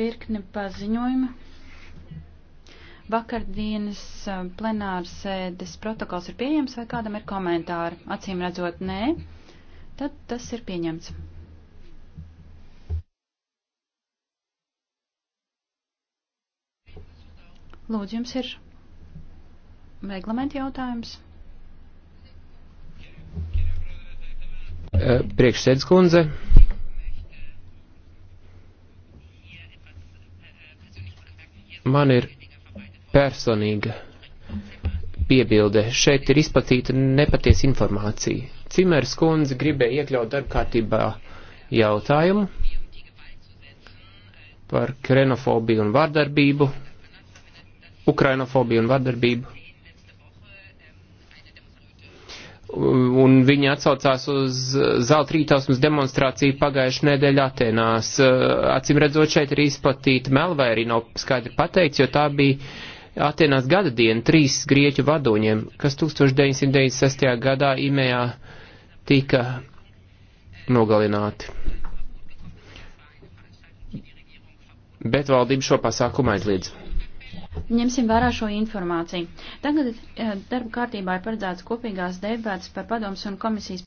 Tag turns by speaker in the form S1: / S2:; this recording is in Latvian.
S1: virkni paziņojumi. Vakardienas eh, plenāras sēdes protokols ir pieejams vai kādam ir komentāri? Acīm redzot, nē. Tad tas ir pieņemts. Lūdzu, jums ir reglamenta jautājums.
S2: Eh, Priekšsēdz kundze. Man ir personīga piebilde. Šeit ir izplatīta nepatiesa informācija. Cimers kundze gribēja iekļaut darbkārtībā jautājumu par krenofobiju un vardarbību, ukrainofobiju un vardarbību un viņi atsaucās uz zelta rītausmas demonstrāciju pagājušajā nedēļā Atenās. Acīm redzot, šeit ir izplatīta melva, arī nav skaidri pateikts, jo tā bija Atenās gada diena trīs grieķu vadoņiem, kas 1996. gadā Imējā tika nogalināti.
S3: Bet valdība šo pasākumu aizliedz
S4: ņemsim vērā šo informāciju. Tagad eh, darba kārtībā ir paredzēts kopīgās debats par padomus un komisijas